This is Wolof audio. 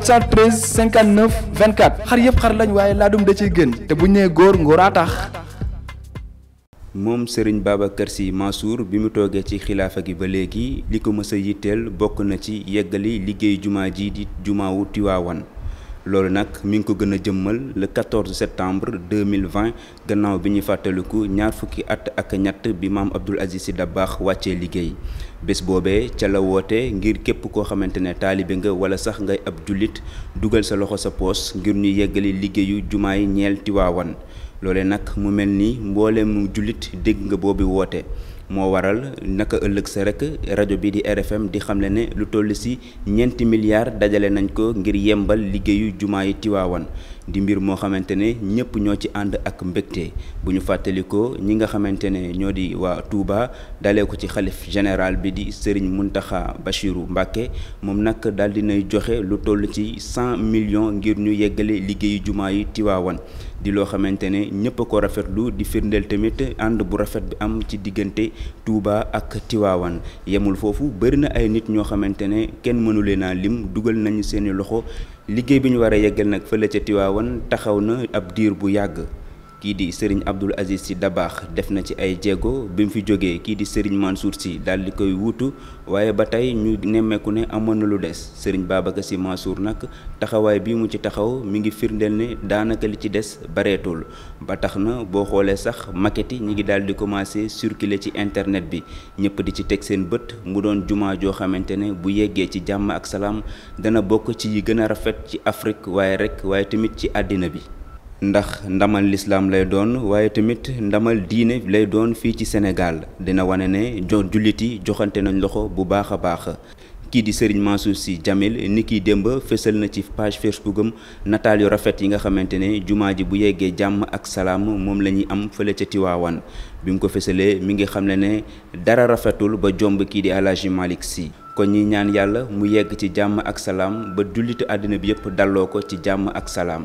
413 59 24 xar yëpp xar lañ waaye laadum da ciy gën te buñ nee góor ngóoraa tax. moom Serigne Babacar Sy Mansour bi mu toogee ci xilaafa gi ba léegi li ko mës a yitteel bokk na ci yeggali liggéey jumaa ji di jumaa wu loolu nag mi ngi ko gën a jëmmal le 14 septembre 2020 gannaaw bi ñu fàttaliku ñaar fukki at ak ñett bi maam Abdoul Aziz Sy Dabakh wàccee liggéey bés boobee ca la woote ngir képp koo xamante ne taalibe nga wala sax ngay ab jullit dugal sa loxo sa poos ngir ñu yeggali liggéeyu jumaay ñeel Tiwaawan loole nag mu mel ni mboolem jullit dégg nga boobu woote moo waral naka ëllëg sa rek rajo bi di RFM di xamle ne lu toll ci ñeenti milliards dajale nañ ko ngir yembal liggéeyu jumaa yi Tiwaawan di mbir moo xamante ne ñëpp ñoo ci ànd ak mbégte bu ñu fàttalikoo ñi nga xamante ne ñoo di waa Touba dalee ko ci xalif général bi di Serigne Mountakha Bachirou Mbacké moom nag daal nay joxe lu toll ci cent millions ngir ñu yeggale liggéeyu jumaa yi Tiwaawan di loo xamante ne ñëpp a ko rafetlu di firndeel tamit ànd bu rafet bi am ci diggante tuuba ak Tiwaawan yemul foofu bëri na ay nit ñoo xamante ne kenn mënu leen a lim dugal nañu seeni loxo liggéey bi ñu war a Tiwaawan taxaw na ab diir bu yàgg kii di Serigne Abdoul Aziz Sy Dabakh def na ci ay jéego bi mu fi jógee kii di Serigne Mansour si daal di koy wuutu waaye ba tey ñu nemmeeku ne amoon na lu des Serigne Babacar Sy Mansour nag taxawaay bii mu ci taxaw mi ngi firndeel ne daanaka li ci des bareetul ba tax na boo xoolee sax maquette yi ñi ngi daal di commencé circuler ci internet bi ñëpp di ci teg seen bët mu doon jumaa joo xamante ne bu yeggee ci jàmm ak salaam dana bokk ci yi gën a rafet ci Afrique waaye rek waaye tamit ci àddina bi ndax ndamal lislaam lay doon waaye tamit ndamal diine lay doon fii ci senegaal dina wane ne jon jullit yi joxante nañ loxo bu baax a baax kii di Serigne Mansour Sy Djamil ni kiy démb fësal na ci page Facebook am nataal yu rafet yi nga xamante ne jumaa ji bu yeggee jàmm ak salaam moom la ñuy am fële ca Tiwaawan bi ko fësalee mi ngi xam ne ne dara rafetul ba jomb kii di Alaaji Malick Sy kon ñi ñaan yàlla mu yegg ci jàmm ak salaam ba jullitu àddina bi yëpp dalloo ko ci jàmm ak salaam